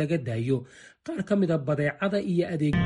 laga daayo qaar ka mid a badeecada iyo adeeg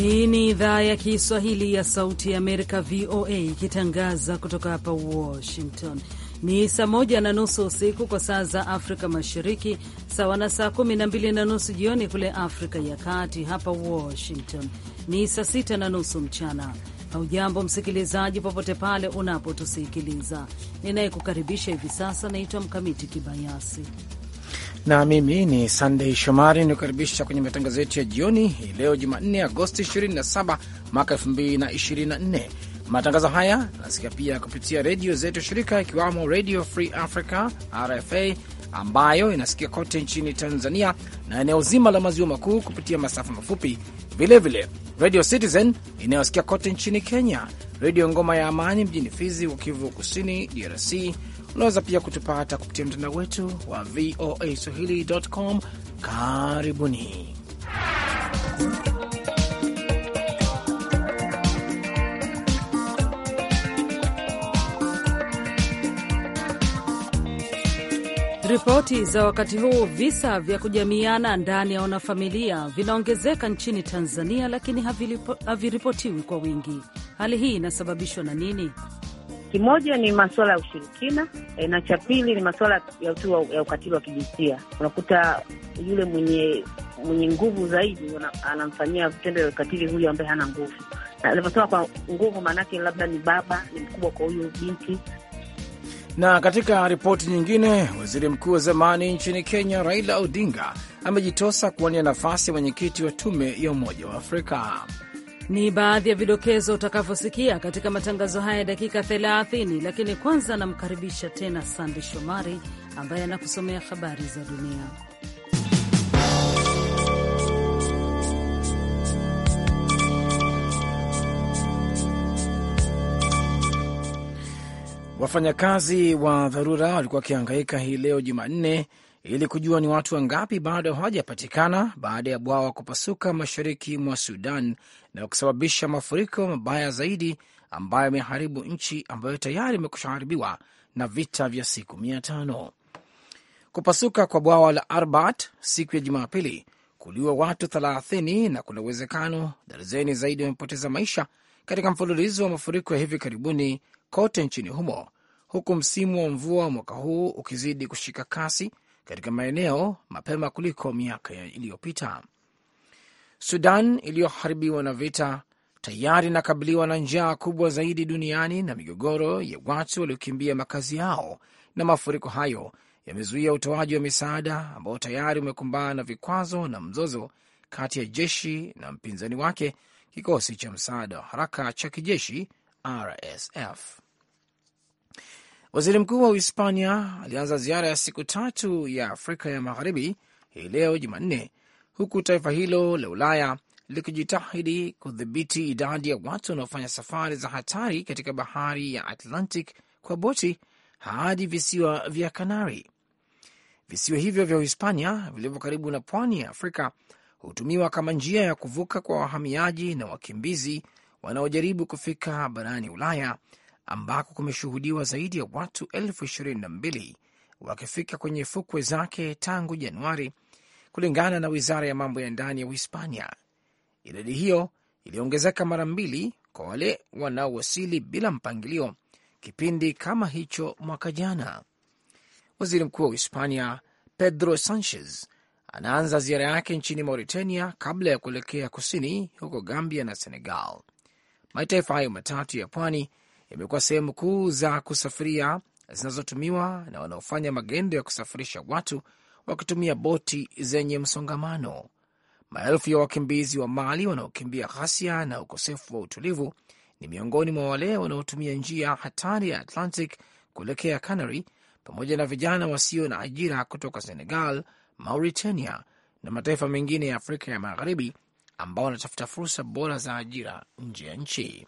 Hii ni idhaa ya Kiswahili ya Sauti ya Amerika, VOA, ikitangaza kutoka hapa Washington. Ni saa moja na nusu usiku kwa saa za Afrika Mashariki, sawa na saa kumi na mbili na nusu jioni kule Afrika ya Kati. Hapa Washington ni saa sita na nusu mchana. Haujambo msikilizaji, popote pale unapotusikiliza. Ninayekukaribisha hivi sasa naitwa Mkamiti Kibayasi na mimi ni Sandey Shomari nikukaribisha kwenye matangazo yetu ya jioni hii leo Jumanne, Agosti 27 mwaka 2024 Matangazo haya nasikia pia kupitia redio zetu shirika, ikiwamo Radio Free Africa RFA ambayo inasikia kote nchini Tanzania na eneo zima la maziwa makuu kupitia masafa mafupi, vilevile Radio Citizen inayosikia kote nchini Kenya, Redio Ngoma ya Amani mjini Fizi wa Kivu Kusini, DRC. Unaweza pia kutupata kupitia mtandao wetu wa VOA Swahili.com. Karibuni. Ripoti za wakati huu, visa vya kujamiana ndani ya wanafamilia vinaongezeka nchini Tanzania, lakini haviripotiwi kwa wingi. Hali hii inasababishwa na nini? Kimoja ni masuala ya ushirikina e, na cha pili ni masuala ya utu ya ukatili wa kijinsia. Unakuta yule mwenye mwenye nguvu zaidi anamfanyia vitendo vya ukatili huyo ambaye hana nguvu. Ninavyosema kwa nguvu, maanake labda ni baba ni mkubwa kwa huyu binti, na katika ripoti nyingine, waziri mkuu wa zamani nchini Kenya Raila Odinga amejitosa kuwania nafasi ya mwenyekiti wa tume ya Umoja wa Afrika. Ni baadhi ya vidokezo utakavyosikia katika matangazo haya ya dakika 30, lakini kwanza anamkaribisha tena Sande Shomari ambaye anakusomea habari za dunia. Wafanyakazi wa dharura walikuwa wakihangaika hii leo Jumanne ili kujua ni watu wangapi bado hawajapatikana baada ya bwawa kupasuka mashariki mwa Sudan na kusababisha mafuriko mabaya zaidi ambayo yameharibu nchi ambayo tayari imekusha haribiwa na vita vya siku mia tano. Kupasuka kwa bwawa la Arbat siku ya Jumapili kuliua watu 30 na kuna uwezekano darzeni zaidi wamepoteza maisha katika mfululizo wa mafuriko ya hivi karibuni kote nchini humo, huku msimu wa mvua wa mwaka huu ukizidi kushika kasi katika maeneo mapema kuliko miaka iliyopita. Sudan iliyoharibiwa na vita tayari inakabiliwa na njaa kubwa zaidi duniani na migogoro ya watu waliokimbia makazi yao, na mafuriko hayo yamezuia utoaji wa misaada ambao tayari umekumbana na vikwazo na mzozo kati ya jeshi na mpinzani wake, kikosi cha msaada wa haraka cha kijeshi RSF. Waziri mkuu wa Uhispania alianza ziara ya siku tatu ya Afrika ya Magharibi hii leo Jumanne, huku taifa hilo la Ulaya likijitahidi kudhibiti idadi ya watu wanaofanya safari za hatari katika bahari ya Atlantic kwa boti hadi visiwa vya Kanari. Visiwa hivyo vya Uhispania vilivyo karibu na pwani ya Afrika hutumiwa kama njia ya kuvuka kwa wahamiaji na wakimbizi wanaojaribu kufika barani Ulaya ambako kumeshuhudiwa zaidi ya watu elfu ishirini na mbili wakifika kwenye fukwe zake tangu Januari, kulingana na wizara ya mambo ya ndani ya Uhispania. Idadi hiyo iliongezeka mara mbili kwa wale wanaowasili bila mpangilio kipindi kama hicho mwaka jana. Waziri mkuu wa Uhispania Pedro Sanchez anaanza ziara yake nchini Mauritania kabla ya kuelekea kusini huko Gambia na Senegal. Mataifa hayo matatu ya pwani yamekuwa sehemu kuu za kusafiria zinazotumiwa na wanaofanya magendo ya kusafirisha watu wakitumia boti zenye msongamano. Maelfu ya wakimbizi wa Mali wanaokimbia ghasia na ukosefu wa utulivu ni miongoni mwa wale wanaotumia njia hatari ya Atlantic kuelekea Canary, pamoja na vijana wasio na ajira kutoka Senegal, Mauritania na mataifa mengine ya Afrika ya Magharibi ambao wanatafuta fursa bora za ajira nje ya nchi.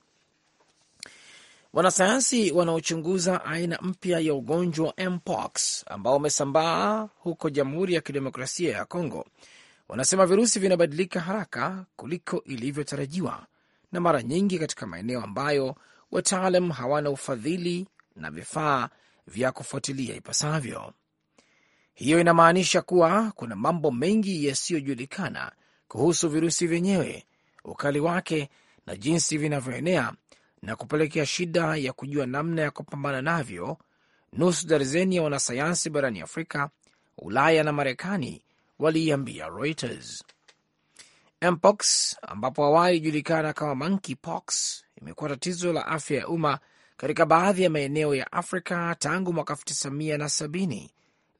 Wanasayansi wanaochunguza aina mpya ya ugonjwa wa mpox ambao umesambaa huko Jamhuri ya Kidemokrasia ya Kongo wanasema virusi vinabadilika haraka kuliko ilivyotarajiwa na mara nyingi katika maeneo ambayo wataalam hawana ufadhili na vifaa vya kufuatilia ipasavyo. Hiyo inamaanisha kuwa kuna mambo mengi yasiyojulikana kuhusu virusi vyenyewe, ukali wake na jinsi vinavyoenea na kupelekea shida ya kujua namna ya kupambana navyo. Nusu darzeni ya wanasayansi barani Afrika, Ulaya na Marekani waliiambia Reuters. Mpox, ambapo awali ilijulikana kama monkeypox, imekuwa tatizo la afya ya umma katika baadhi ya maeneo ya Afrika tangu mwaka 1970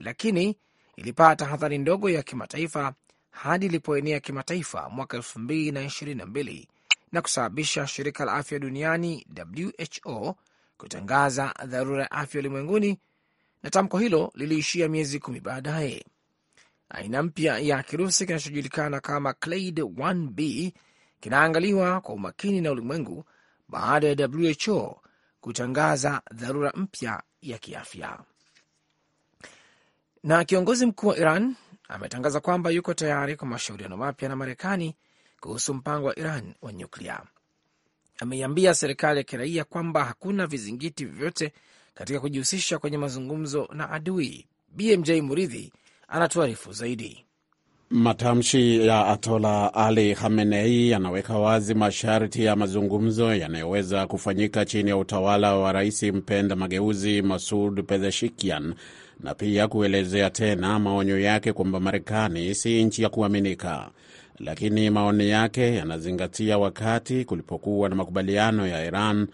lakini ilipata hadhari ndogo ya kimataifa hadi ilipoenea kimataifa mwaka 2022 na kusababisha shirika la afya duniani WHO kutangaza dharura ya afya ulimwenguni, na tamko hilo liliishia miezi kumi baadaye. Aina mpya ya kirusi kinachojulikana kama Clade 1b kinaangaliwa kwa umakini na ulimwengu baada ya WHO kutangaza dharura mpya ya kiafya. Na kiongozi mkuu wa Iran ametangaza kwamba yuko tayari kwa mashauriano mapya na Marekani kuhusu mpango wa Iran wa nyuklia. Ameiambia serikali ya kiraia kwamba hakuna vizingiti vyovyote katika kujihusisha kwenye mazungumzo na adui. BMJ Muridhi anatuarifu zaidi. Matamshi ya Atola Ali hamenei yanaweka wazi masharti ya mazungumzo yanayoweza kufanyika chini ya utawala wa rais mpenda mageuzi Masud Pezeshikian na pia kuelezea tena maonyo yake kwamba Marekani si nchi ya kuaminika, lakini maoni yake yanazingatia wakati kulipokuwa na makubaliano ya Iran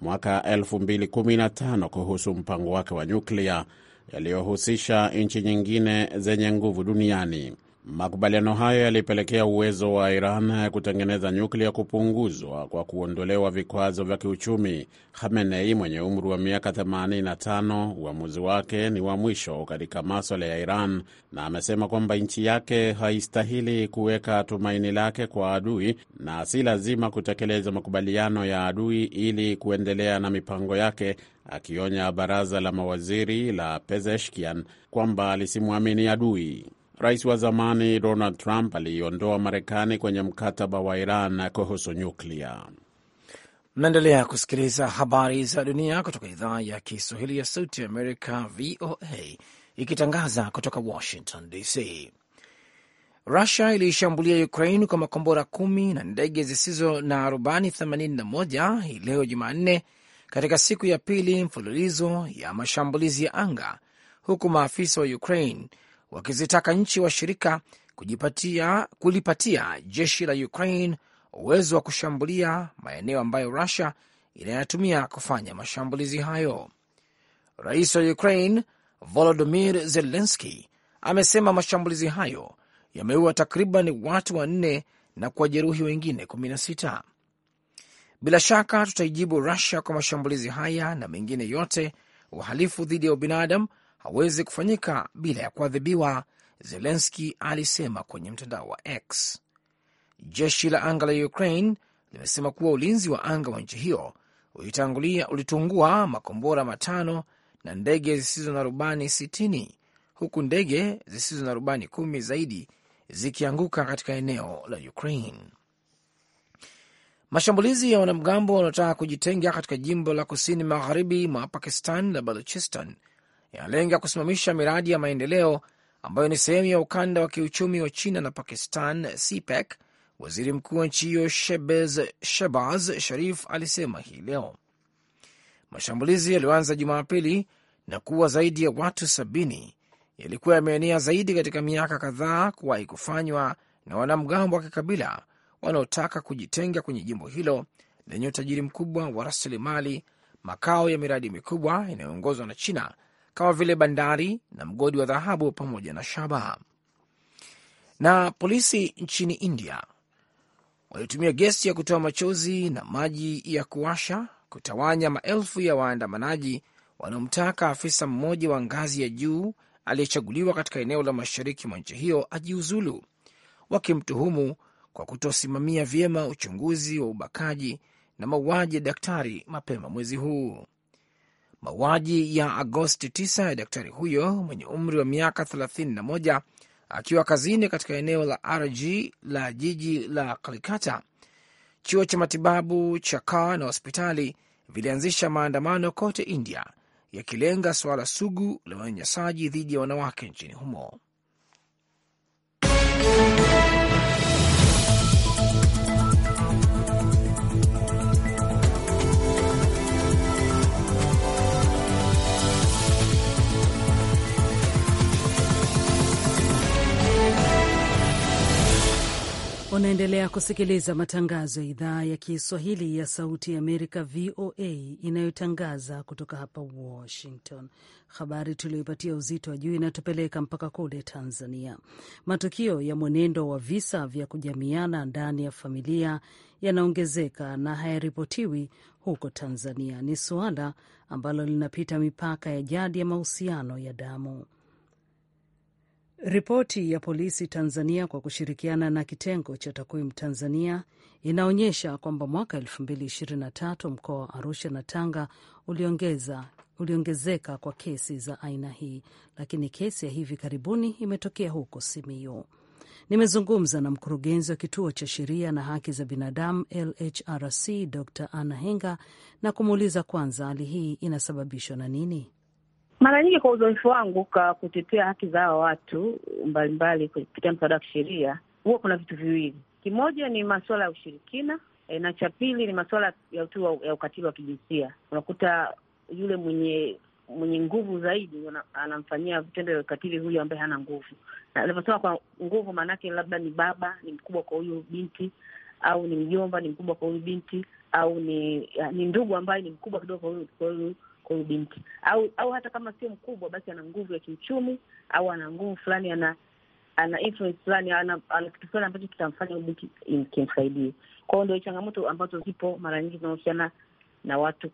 mwaka 2015 kuhusu mpango wake wa nyuklia yaliyohusisha nchi nyingine zenye nguvu duniani. Makubaliano hayo yalipelekea uwezo wa Iran kutengeneza nyuklia kupunguzwa kwa kuondolewa vikwazo vya kiuchumi. Khamenei mwenye umri wa miaka 85, uamuzi wake ni wa mwisho katika maswala ya Iran na amesema kwamba nchi yake haistahili kuweka tumaini lake kwa adui na si lazima kutekeleza makubaliano ya adui ili kuendelea na mipango yake, akionya baraza la mawaziri la Pezeshkian kwamba alisimwamini adui. Rais wa zamani Donald Trump aliiondoa Marekani kwenye mkataba wa Iran kuhusu nyuklia. Mnaendelea kusikiliza habari za dunia kutoka idhaa ya Kiswahili ya Sauti ya Amerika, VOA, ikitangaza kutoka Washington DC. Rusia iliishambulia Ukraine kwa makombora kumi na ndege zisizo na rubani 81 hii leo Jumanne, katika siku ya pili mfululizo ya mashambulizi ya anga, huku maafisa wa Ukraine wakizitaka nchi washirika kulipatia jeshi la Ukraine uwezo wa kushambulia maeneo ambayo Rusia inayatumia kufanya mashambulizi hayo. Rais wa Ukraine volodimir zelenski amesema mashambulizi hayo yameua takriban watu wanne na kuwajeruhi wengine 16. Bila shaka tutaijibu Rusia kwa mashambulizi haya na mengine yote uhalifu dhidi ya ubinadamu hawezi kufanyika bila ya kuadhibiwa, Zelenski alisema kwenye mtandao wa X. Jeshi la anga la Ukraine limesema kuwa ulinzi wa anga wa nchi hiyo ulitungua makombora matano na ndege zisizo na rubani sitini huku ndege zisizo na rubani kumi zaidi zikianguka katika eneo la Ukraine. Mashambulizi ya wanamgambo wanaotaka kujitenga katika jimbo la kusini magharibi mwa Pakistan la Baluchistan yanalenga kusimamisha miradi ya maendeleo ambayo ni sehemu ya ukanda wa kiuchumi wa China na Pakistan, CPEC. E waziri mkuu wa nchi hiyo shebaz Sharif alisema hii leo mashambulizi yaliyoanza Jumapili na kuwa zaidi ya watu sabini yalikuwa yameenea zaidi katika miaka kadhaa kuwahi kufanywa na wanamgambo wa kikabila wanaotaka kujitenga kwenye jimbo hilo lenye utajiri mkubwa wa rasilimali, makao ya miradi mikubwa inayoongozwa na China kama vile bandari na mgodi wa dhahabu pamoja na shaba. Na polisi nchini India walitumia gesi ya kutoa machozi na maji ya kuwasha kutawanya maelfu ya waandamanaji wanaomtaka afisa mmoja wa ngazi ya juu aliyechaguliwa katika eneo la mashariki mwa nchi hiyo ajiuzulu, wakimtuhumu kwa kutosimamia vyema uchunguzi wa ubakaji na mauaji ya daktari mapema mwezi huu. Mauaji ya Agosti 9 ya daktari huyo mwenye umri wa miaka 31 akiwa kazini katika eneo la RG la jiji la Kalikata. Chuo cha matibabu cha Kaa na hospitali vilianzisha maandamano kote India yakilenga suala sugu la unyanyasaji dhidi ya wanawake nchini humo. Unaendelea kusikiliza matangazo ya idhaa ya Kiswahili ya Sauti ya Amerika, VOA, inayotangaza kutoka hapa Washington. Habari tuliyoipatia uzito wa juu inatupeleka mpaka kule Tanzania. Matukio ya mwenendo wa visa vya kujamiana ndani ya familia yanaongezeka na hayaripotiwi huko Tanzania. Ni suala ambalo linapita mipaka ya jadi ya mahusiano ya damu. Ripoti ya polisi Tanzania kwa kushirikiana na kitengo cha takwimu Tanzania inaonyesha kwamba mwaka 2023 mkoa wa Arusha na Tanga uliongeza uliongezeka kwa kesi za aina hii, lakini kesi ya hivi karibuni imetokea huko Simiyu. Nimezungumza na mkurugenzi wa kituo cha sheria na haki za binadamu LHRC Dr Anna Henga na kumuuliza kwanza hali hii inasababishwa na nini. Mara nyingi kwa uzoefu wangu kwa kutetea haki za hawa watu mbalimbali kupitia msaada wa kisheria, huwa kuna vitu viwili. Kimoja ni masuala ya ushirikina e, na cha pili ni masuala ya utu ya ukatili wa kijinsia. Unakuta yule mwenye mwenye nguvu zaidi anamfanyia vitendo vya ukatili huyu ambaye hana nguvu. Na alivyosema kwa nguvu, maanake labda ni baba ni mkubwa kwa huyu binti, au ni mjomba ni mkubwa kwa huyu binti, au ni ni ndugu ambaye ni mkubwa kidogo kwa huyu kwa binti, au au hata kama sio mkubwa, basi ana nguvu ya kiuchumi au ana nguvu fulani, ana ana influence fulani, ana kitu fulani ambacho kitamfanya binti kimsaidie. Kwa hiyo ndio changamoto ambazo zipo mara nyingi zinahusiana na watu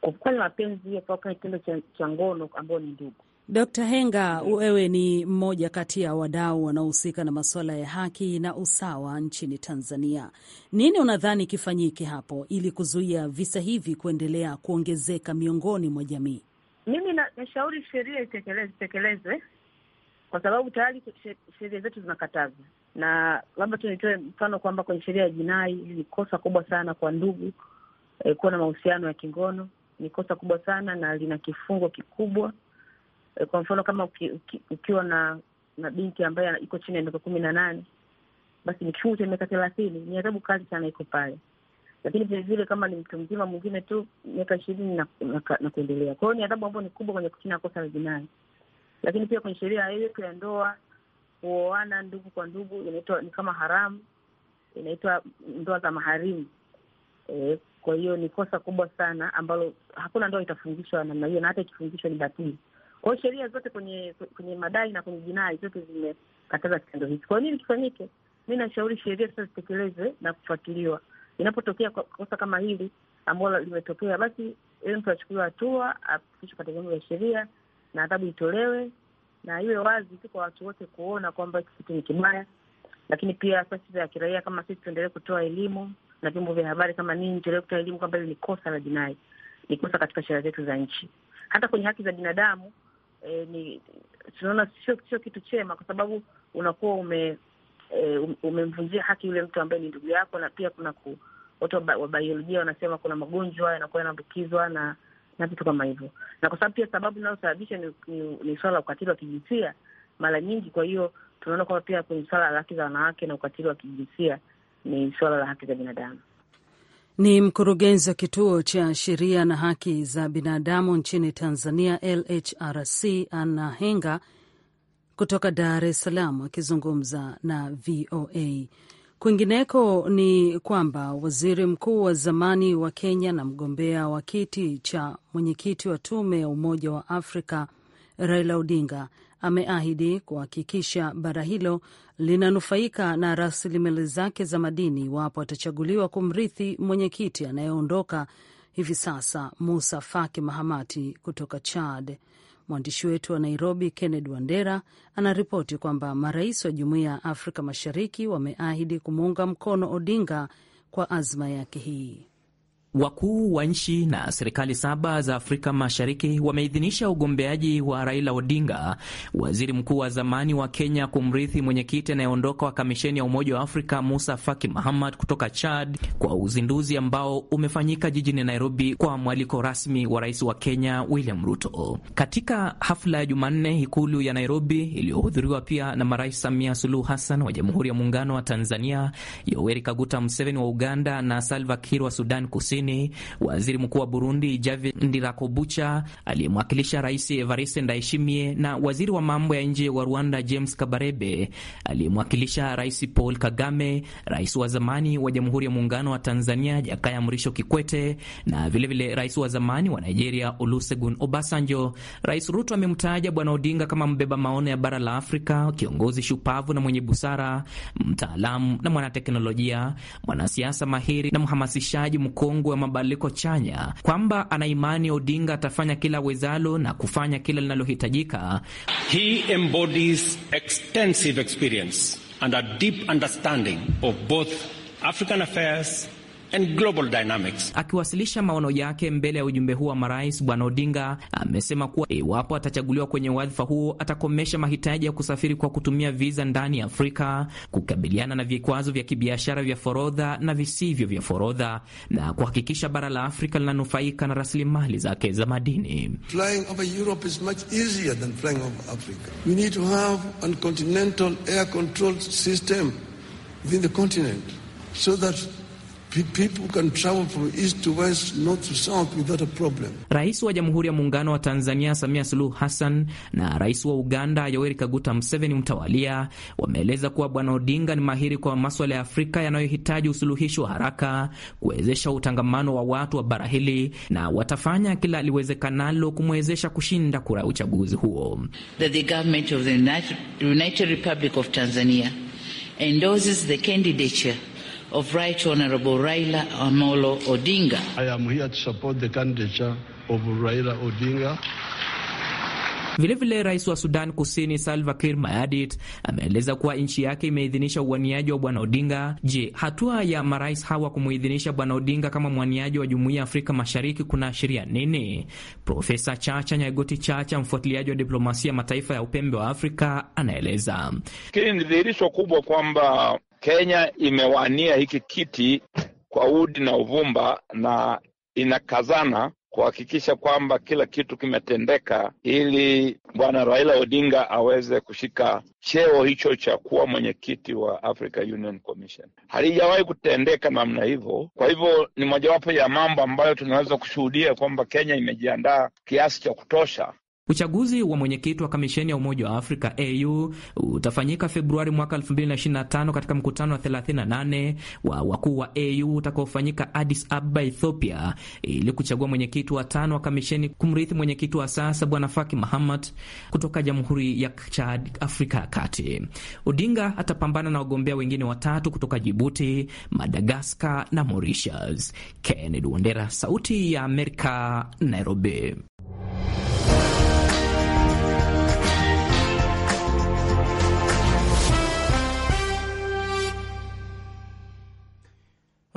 kufanya mapenzi kwa kitendo cha ngono ambao ni ndugu. Dkt. Henga, wewe ni mmoja kati ya wadau wanaohusika na masuala ya haki na usawa nchini Tanzania. Nini unadhani kifanyike hapo ili kuzuia visa hivi kuendelea kuongezeka miongoni mwa jamii? Mimi nashauri na sheria itekelezwe kwa sababu tayari sheria zetu zinakataza, na labda tu nitoe mfano kwamba kwenye sheria ya jinai ni kosa kubwa sana kwa ndugu eh, kuwa na mahusiano ya kingono ni kosa kubwa sana na lina kifungo kikubwa kwa mfano kama uki, uki, ukiwa na na binti ambaye iko chini ya miaka kumi na nane basi ni kifungu cha miaka thelathini. Ni adhabu kazi sana iko pale, lakini vilevile kama ni mtu mzima mwingine tu miaka ishirini na, na, na kuendelea. Kwa hiyo ni adhabu ambayo ni kubwa kwenye kuchina kosa la jinai, lakini pia kwenye sheria yetu ya ndoa, kuoana ndugu kwa ndugu inaitwa ni kama haramu, inaitwa ndoa za maharimu e, kwa hiyo ni kosa kubwa sana ambalo hakuna ndoa itafungishwa namna hiyo, na hata ikifungishwa ni batili. Kwa hiyo sheria zote kwenye kwenye madai na kwenye jinai zote zimekataza kitendo hichi. Kwa nini kifanyike? Mi nashauri sheria sasa zitekelezwe na kufuatiliwa. Inapotokea kosa kama hili ambalo limetokea, basi ili mtu achukuliwe hatua, afikishwe katika vyombo vya sheria na adhabu itolewe, na iwe wazi tu kwa watu wote kuona kwamba hiki kitu ni kibaya. Lakini pia asasi za kiraia kama sisi tuendelee kutoa elimu na vyombo vya habari kama nini, tuendelee kutoa elimu kwamba hili ni kosa la jinai, ni kosa katika sheria zetu za nchi. Hata kwenye haki za binadamu e, ni tunaona sio sio kitu chema, kwa sababu unakuwa ume e, um, umemvunjia haki yule mtu ambaye ni ndugu yako, na pia kuna ku, watu wa biolojia wanasema kuna magonjwa yanakuwa yanaambukizwa na na vitu kama hivyo, na kwa sababu pia sababu inayosababisha ni, ni, ni swala la ukatili wa kijinsia mara nyingi. Kwa hiyo tunaona kwamba pia kwenye swala la haki za wanawake na ukatili wa kijinsia ni swala la haki za binadamu. Ni mkurugenzi wa kituo cha sheria na haki za binadamu nchini Tanzania, LHRC, Anna Henga kutoka Dar es Salaam akizungumza na VOA. Kwingineko ni kwamba waziri mkuu wa zamani wa Kenya na mgombea wa kiti cha mwenyekiti wa tume ya Umoja wa Afrika Raila Odinga ameahidi kuhakikisha bara hilo linanufaika na rasilimali zake za madini iwapo atachaguliwa kumrithi mwenyekiti anayeondoka hivi sasa Musa Faki Mahamati kutoka Chad. Mwandishi wetu wa Nairobi, kenned Wandera, anaripoti kwamba marais wa Jumuiya ya Afrika Mashariki wameahidi kumuunga mkono Odinga kwa azma yake hii. Wakuu wa nchi na serikali saba za Afrika Mashariki wameidhinisha ugombeaji wa Raila Odinga, waziri mkuu wa zamani wa Kenya, kumrithi mwenyekiti anayeondoka wa kamisheni ya Umoja wa Afrika Musa Faki Mahamad kutoka Chad, kwa uzinduzi ambao umefanyika jijini Nairobi kwa mwaliko rasmi wa rais wa Kenya William Ruto. Katika hafla ya Jumanne ikulu ya Nairobi iliyohudhuriwa pia na marais Samia Suluhu Hassan wa Jamhuri ya Muungano wa Tanzania, Yoweri Kaguta Museveni wa Uganda na Salva Kiir wa Sudan Kusini, Museveni, waziri mkuu wa Burundi Javi Ndirakobucha, aliyemwakilisha Rais Evariste Ndayishimiye na waziri wa mambo ya nje wa Rwanda James Kabarebe, aliyemwakilisha Rais Paul Kagame, rais wa zamani wa Jamhuri ya Muungano wa Tanzania Jakaya Mrisho Kikwete na vilevile vile rais wa zamani wa Nigeria Olusegun Obasanjo. Rais Ruto amemtaja Bwana Odinga kama mbeba maono ya bara la Afrika, kiongozi shupavu na mwenye busara, mtaalamu na mwanateknolojia, mwanasiasa mahiri na mhamasishaji mkongwe wa mabadiliko chanya kwamba ana imani Odinga atafanya kila wezalo na kufanya kila linalohitajika. He embodies extensive experience and a deep understanding of both African affairs and global dynamics. Akiwasilisha maono yake mbele ya ujumbe huo wa marais, Bwana Odinga amesema kuwa iwapo atachaguliwa kwenye wadhifa huo atakomesha mahitaji ya kusafiri kwa kutumia viza ndani ya Afrika, kukabiliana na vikwazo vya kibiashara vya forodha na visivyo vya forodha, na kuhakikisha bara la Afrika linanufaika na rasilimali zake za madini. So that Rais wa Jamhuri ya Muungano wa Tanzania Samia Suluhu Hassan na rais wa Uganda Yoweri Kaguta Museveni mtawalia wameeleza kuwa Bwana Odinga ni mahiri kwa maswala ya Afrika yanayohitaji usuluhishi wa haraka, kuwezesha utangamano wa watu wa bara hili, na watafanya kila liwezekanalo kumwezesha kushinda kura ya uchaguzi huo. That the of Right Honorable Raila Amolo Odinga. I am here to support the candidature of Raila Odinga. Vilevile rais wa Sudan Kusini Salva Kiir Mayadit ameeleza kuwa nchi yake imeidhinisha uwaniaji wa bwana Odinga. Je, hatua ya marais hawa kumuidhinisha bwana Odinga kama mwaniaji wa jumuiya ya Afrika Mashariki kuna ashiria nini? Profesa Chacha Nyagoti Chacha, mfuatiliaji wa diplomasia mataifa ya upembe wa Afrika, anaeleza. Ni dhihirisho kubwa kwamba Kenya imewania hiki kiti kwa udi na uvumba na inakazana kuhakikisha kwamba kila kitu kimetendeka ili bwana Raila Odinga aweze kushika cheo hicho cha kuwa mwenyekiti wa Africa Union Commission. Halijawahi kutendeka namna hivyo. Kwa hivyo ni mojawapo ya mambo ambayo tunaweza kushuhudia kwamba Kenya imejiandaa kiasi cha kutosha Uchaguzi wa mwenyekiti wa kamisheni ya Umoja wa Afrika AU utafanyika Februari mwaka 2025 katika mkutano wa 38 wa wakuu wa AU utakaofanyika Addis Ababa, Ethiopia, ili kuchagua mwenyekiti wa tano wa kamisheni kumrithi mwenyekiti wa sasa Bwana Faki Mahamat kutoka Jamhuri ya Chad, Afrika ya Kati. Odinga atapambana na wagombea wengine watatu kutoka Jibuti, Madagaskar na Mauritius. Kennedy Wandera, Sauti ya Amerika, Nairobi.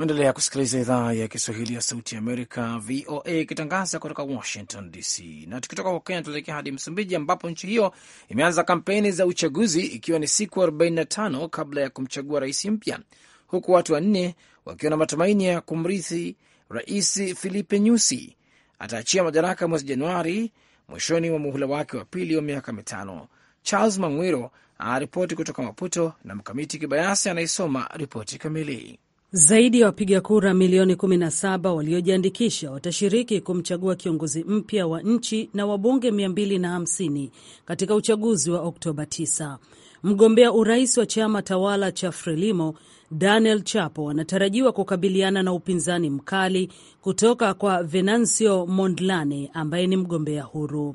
Unaendelea kusikiliza idhaa ya Kiswahili ya Sauti ya Amerika, VOA, ikitangaza kutoka Washington DC. Na tukitoka kwa Kenya tuelekea hadi Msumbiji, ambapo nchi hiyo imeanza kampeni za uchaguzi ikiwa ni siku 45 kabla ya kumchagua rais mpya, huku watu wanne wakiwa na matumaini ya kumrithi Rais Filipe Nyusi ataachia madaraka mwezi Januari, mwishoni mwa muhula wake wa pili wa miaka mitano. Charles Mangwiro anaripoti kutoka Maputo na Mkamiti Kibayasi anaisoma ripoti kamili. Zaidi ya wapiga kura milioni 17 waliojiandikisha watashiriki kumchagua kiongozi mpya wa nchi na wabunge 250 katika uchaguzi wa Oktoba 9. Mgombea urais wa chama tawala cha Frelimo Daniel Chapo anatarajiwa kukabiliana na upinzani mkali kutoka kwa Venancio Mondlane ambaye ni mgombea huru.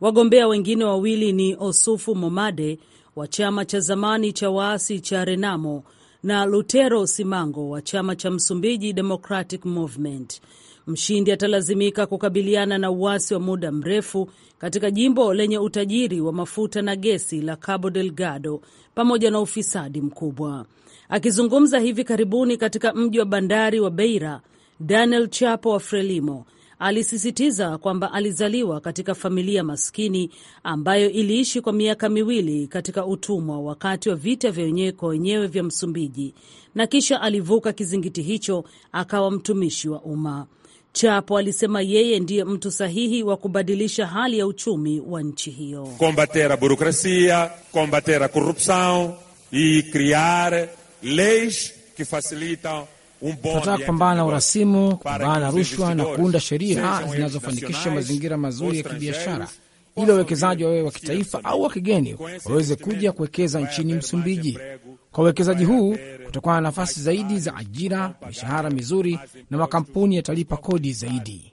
Wagombea wengine wawili ni Osufu Momade wa chama cha zamani cha waasi cha Renamo na Lutero Simango wa chama cha Msumbiji Democratic Movement. Mshindi atalazimika kukabiliana na uasi wa muda mrefu katika jimbo lenye utajiri wa mafuta na gesi la Cabo Delgado pamoja na ufisadi mkubwa. Akizungumza hivi karibuni katika mji wa bandari wa Beira, Daniel Chapo wa Frelimo Alisisitiza kwamba alizaliwa katika familia maskini ambayo iliishi kwa miaka miwili katika utumwa wakati wa vita vya wenyewe kwa wenyewe vya Msumbiji, na kisha alivuka kizingiti hicho akawa mtumishi wa umma. Chapo alisema yeye ndiye mtu sahihi wa kubadilisha hali ya uchumi wa nchi hiyo. kombatera burokrasia kombatera korupsao i e kriare leis kifasilita tunataka kupambana na urasimu, kupambana na rushwa na kuunda sheria zinazofanikisha mazingira mazuri ya kibiashara ili wawekezaji wawe wa kitaifa au wa kigeni waweze kuja kuwekeza nchini Msumbiji. Kwa uwekezaji huu kutakuwa na nafasi zaidi za ajira, mishahara mizuri na makampuni yatalipa kodi zaidi.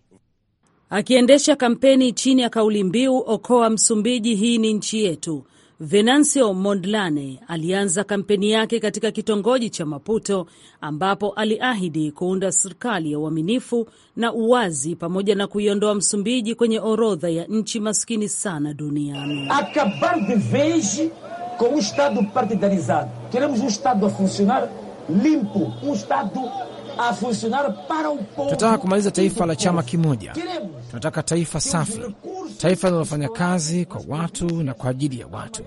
Akiendesha kampeni chini ya kauli mbiu okoa Msumbiji, hii ni nchi yetu, Venancio Mondlane alianza kampeni yake katika kitongoji cha Maputo ambapo aliahidi kuunda serikali ya uaminifu na uwazi pamoja na kuiondoa Msumbiji kwenye orodha ya nchi maskini sana duniani. acabar de vez com o estado partidarizado queremos um estado a funcionar limpo um estado Tunataka kumaliza taifa la chama kimoja. Tunataka taifa safi, taifa linalofanya kazi kwa watu na kwa ajili ya watu.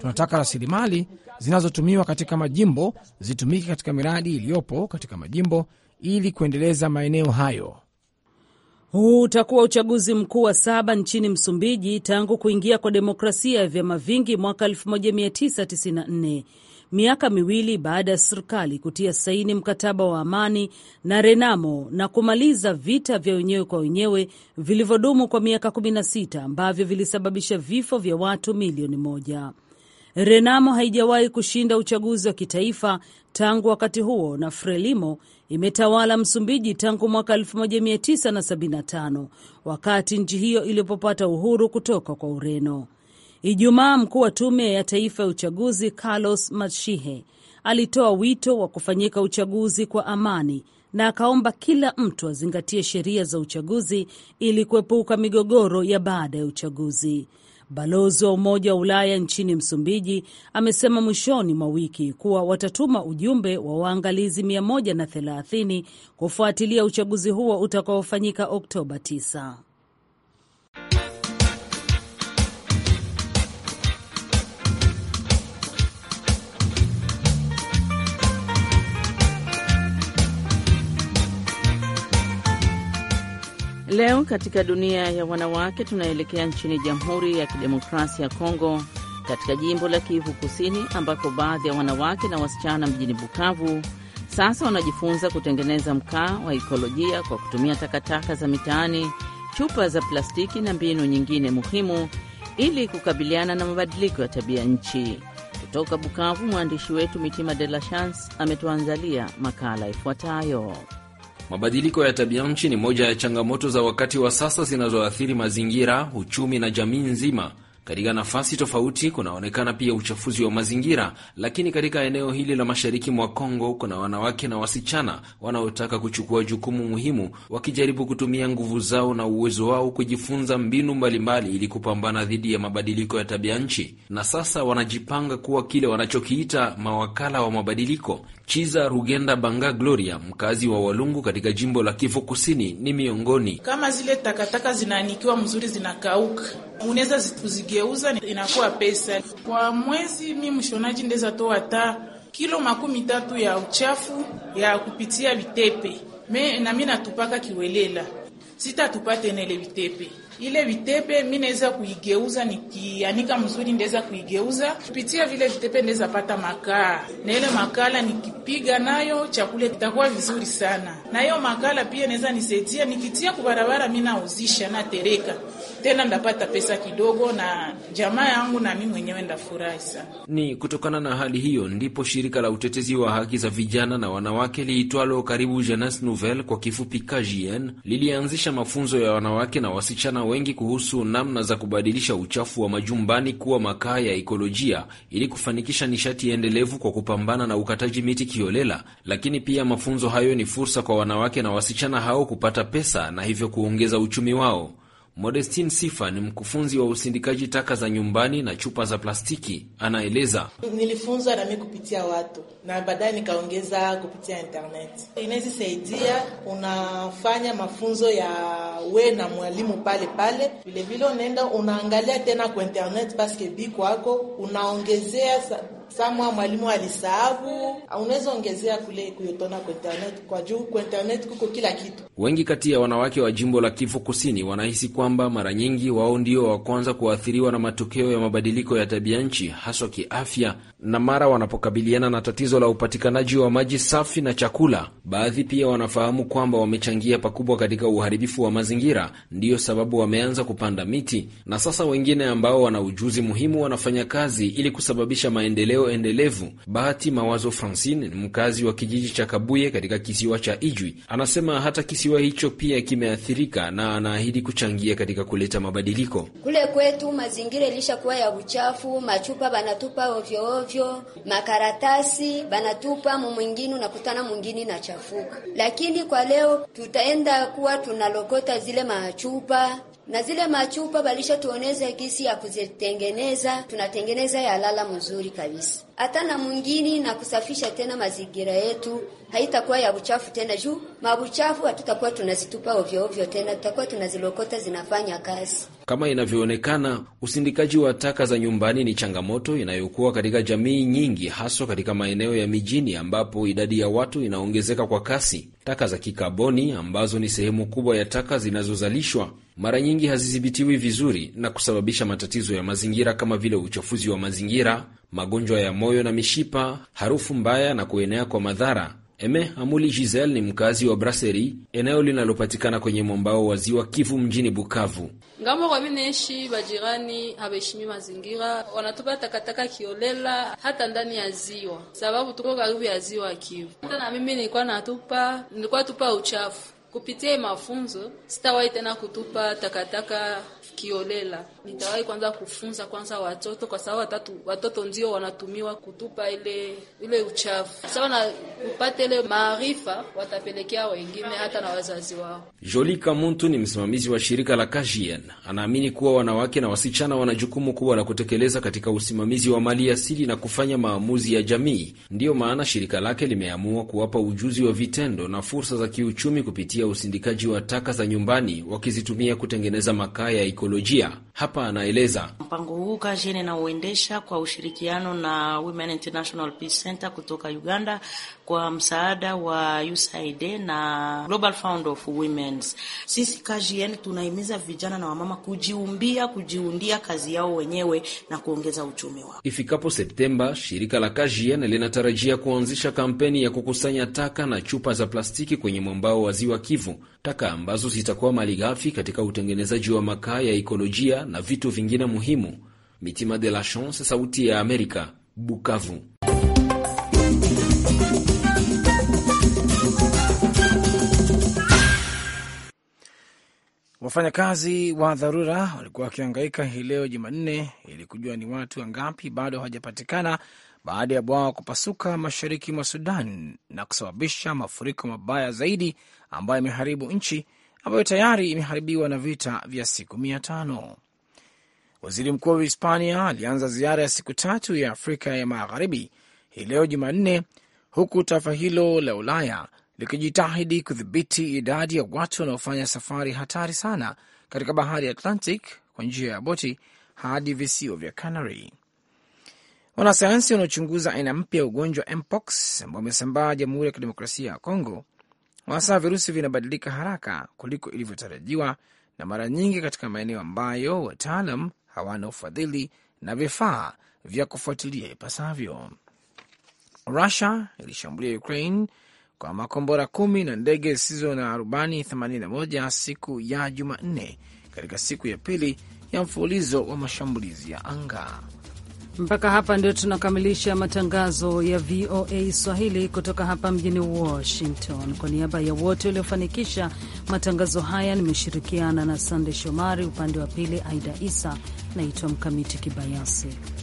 Tunataka rasilimali zinazotumiwa katika majimbo zitumike katika miradi iliyopo katika majimbo ili kuendeleza maeneo hayo. Huu utakuwa uchaguzi mkuu wa saba nchini Msumbiji tangu kuingia kwa demokrasia ya vyama vingi mwaka 1994 miaka miwili baada ya serikali kutia saini mkataba wa amani na Renamo na kumaliza vita vya wenyewe kwa wenyewe vilivyodumu kwa miaka 16 ambavyo vilisababisha vifo vya watu milioni moja. Renamo haijawahi kushinda uchaguzi wa kitaifa tangu wakati huo na Frelimo imetawala Msumbiji tangu mwaka 1975 wakati nchi hiyo ilipopata uhuru kutoka kwa Ureno. Ijumaa, mkuu wa tume ya taifa ya uchaguzi Carlos Mashihe alitoa wito wa kufanyika uchaguzi kwa amani na akaomba kila mtu azingatie sheria za uchaguzi ili kuepuka migogoro ya baada ya uchaguzi. Balozi wa Umoja wa Ulaya nchini Msumbiji amesema mwishoni mwa wiki kuwa watatuma ujumbe wa waangalizi 130 kufuatilia uchaguzi huo utakaofanyika Oktoba 9. Leo katika dunia ya wanawake, tunaelekea nchini Jamhuri ya Kidemokrasia ya Kongo, katika jimbo la Kivu Kusini, ambako baadhi ya wanawake na wasichana mjini Bukavu sasa wanajifunza kutengeneza mkaa wa ikolojia kwa kutumia takataka za mitaani, chupa za plastiki na mbinu nyingine muhimu ili kukabiliana na mabadiliko ya tabia nchi. Kutoka Bukavu, mwandishi wetu Mitima De La Chance ametuandalia makala ifuatayo. Mabadiliko ya tabia nchi ni moja ya changamoto za wakati wa sasa zinazoathiri mazingira, uchumi na jamii nzima. Katika nafasi tofauti kunaonekana pia uchafuzi wa mazingira, lakini katika eneo hili la mashariki mwa Kongo kuna wanawake na wasichana wanaotaka kuchukua jukumu muhimu, wakijaribu kutumia nguvu zao na uwezo wao kujifunza mbinu mbalimbali ili kupambana dhidi ya mabadiliko ya tabia nchi, na sasa wanajipanga kuwa kile wanachokiita mawakala wa mabadiliko. Chiza Rugenda Banga Gloria, mkazi wa Walungu katika jimbo la Kivu Kusini, ni miongoni. Kama zile takataka zinaanikiwa mzuri, zinakauka unaweza ukigeuza inakuwa pesa kwa mwezi. Mi mshonaji ndeza toa hata kilo makumi tatu ya uchafu ya kupitia vitepe me, na mi natupaka kiwelela, sitatupate tena ile vitepe ile vitepe mi naweza kuigeuza, nikianika mzuri ndeza kuigeuza kupitia vile vitepe, ndeza pata makaa, na ile makala nikipiga nayo chakula kitakuwa vizuri sana. Na hiyo makala pia naweza nisaidia nikitia kubarabara, mi nauzisha na tereka tena ndapata pesa kidogo na jamaa yangu na mimi mwenyewe ndafurahi sana. Ni kutokana na hali hiyo ndipo shirika la utetezi wa haki za vijana na wanawake liitwalo karibu Jeunesse Nouvelle kwa kifupi KJN lilianzisha mafunzo ya wanawake na wasichana wengi kuhusu namna za kubadilisha uchafu wa majumbani kuwa makaa ya ekolojia ili kufanikisha nishati endelevu kwa kupambana na ukataji miti kiolela. Lakini pia mafunzo hayo ni fursa kwa wanawake na wasichana hao kupata pesa na hivyo kuongeza uchumi wao. Modestin Sifa ni mkufunzi wa usindikaji taka za nyumbani na chupa za plastiki. Anaeleza, nilifunzwa nami kupitia watu na baadaye nikaongeza kupitia internet. Inawezisaidia, unafanya mafunzo ya we na mwalimu pale pale, vilevile unaenda unaangalia tena kwa internet paske kwako unaongezea samwa mwalimu alisahabu, unaweza ongezea kule kuyotona kwa internet, kwa juu kwa internet kuko kila kitu. Wengi kati ya wanawake wa jimbo la Kivu Kusini wanahisi kwamba mara nyingi wao ndio wa kwanza kuathiriwa na matokeo ya mabadiliko ya tabia nchi, haswa kiafya na mara wanapokabiliana na tatizo la upatikanaji wa maji safi na chakula. Baadhi pia wanafahamu kwamba wamechangia pakubwa katika uharibifu wa mazingira, ndiyo sababu wameanza kupanda miti, na sasa wengine ambao wana ujuzi muhimu wanafanya kazi ili kusababisha maendeleo endelevu. Bahati Mawazo Francine ni mkazi wa kijiji cha Kabuye katika kisiwa cha Ijwi. Anasema hata kisiwa hicho pia kimeathirika na anaahidi kuchangia katika kuleta mabadiliko. Kule kwetu mazingira ilishakuwa ya uchafu, machupa banatupa ovyo ovyo ovyo, makaratasi banatupa mumwingine, unakutana mwingine na chafuka. Lakini kwa leo tutaenda kuwa tunalokota zile machupa na zile machupa balisha balishatuoneza gisi ya kuzitengeneza, tunatengeneza ya lala mzuri kabisa, hata na mwingine na kusafisha tena mazingira yetu, haitakuwa ya uchafu tena. Juu mabuchafu hatutakuwa tunazitupa ovyo ovyo tena, tutakuwa tunazilokota, zinafanya kazi. Kama inavyoonekana, usindikaji wa taka za nyumbani ni changamoto inayokuwa katika jamii nyingi, haswa katika maeneo ya mijini ambapo idadi ya watu inaongezeka kwa kasi. Taka za kikaboni ambazo ni sehemu kubwa ya taka zinazozalishwa mara nyingi hazidhibitiwi vizuri na kusababisha matatizo ya mazingira kama vile uchafuzi wa mazingira, magonjwa ya moyo na mishipa, harufu mbaya na kuenea kwa madhara Eme Amuli Gisel ni mkazi wa braseri eneo linalopatikana kwenye mwambao wa ziwa Kivu mjini Bukavu. Ngambo kwa mimi bajirani habaheshimi mazingira, wanatupa takataka kiolela hata ndani ya ziwa, sababu tuko karibu ya ziwa ya Kivu. Hata na mimi nilikuwa natupa, nilikuwa tupa uchafu. Kupitia mafunzo sitawahi tena kutupa takataka kiolela. Nitawahi kwanza kufunza kwanza watoto, kwa sababu watatu, watoto ndio wanatumiwa kutupa ile ile uchafu. Sawa na kupata ile maarifa, watapelekea wengine hata na wazazi wao. Jolie Kamuntu ni msimamizi wa shirika la Kajien, anaamini kuwa wanawake na wasichana wana jukumu kubwa la kutekeleza katika usimamizi wa mali asili na kufanya maamuzi ya jamii. Ndiyo maana shirika lake limeamua kuwapa ujuzi wa vitendo na fursa za kiuchumi kupitia usindikaji wa taka za nyumbani, wakizitumia kutengeneza makaa ya ekolojia hapa anaeleza mpango huu kazi ninauendesha kwa ushirikiano na Women International Peace Center kutoka Uganda kwa msaada wa USAID na Global Fund of Women's. Sisi KGN tunahimiza vijana na wamama kujiumbia, kujiundia kazi yao wenyewe na kuongeza uchumi wao. Ifikapo Septemba, shirika la KGN linatarajia kuanzisha kampeni ya kukusanya taka na chupa za plastiki kwenye mwambao wa Ziwa Kivu, taka ambazo zitakuwa malighafi katika utengenezaji wa makaa ya ekolojia na vitu vingine muhimu. Mitima de la Chance, Sauti ya Amerika, Bukavu. Wafanyakazi wa dharura walikuwa wakihangaika hii leo Jumanne ili kujua ni watu wangapi bado hawajapatikana baada ya bwawa kupasuka mashariki mwa Sudan na kusababisha mafuriko mabaya zaidi ambayo imeharibu nchi ambayo tayari imeharibiwa na vita vya siku mia tano. Waziri mkuu wa Hispania alianza ziara ya siku tatu ya Afrika ya magharibi hii leo Jumanne, huku taifa hilo la Ulaya likijitahidi kudhibiti idadi ya watu wanaofanya safari hatari sana katika bahari ya Atlantic kwa njia ya boti hadi visiwa vya Canary. Wanasayansi wanaochunguza aina mpya ya ugonjwa mpox ambao umesambaa Jamhuri ya Kidemokrasia ya Kongo wanasema virusi vinabadilika haraka kuliko ilivyotarajiwa na mara nyingi katika maeneo ambayo wataalam hawana ufadhili na vifaa vya kufuatilia ipasavyo. Rusia ilishambulia Ukraine kwa makombora kumi na ndege zisizo na rubani 81 siku ya Jumanne katika siku ya pili ya mfululizo wa mashambulizi ya anga. Mpaka hapa ndio tunakamilisha matangazo ya VOA Swahili kutoka hapa mjini Washington. Kwa niaba ya wote waliofanikisha matangazo haya, nimeshirikiana na Sande Shomari, upande wa pili Aida Isa. Naitwa Mkamiti Kibayasi.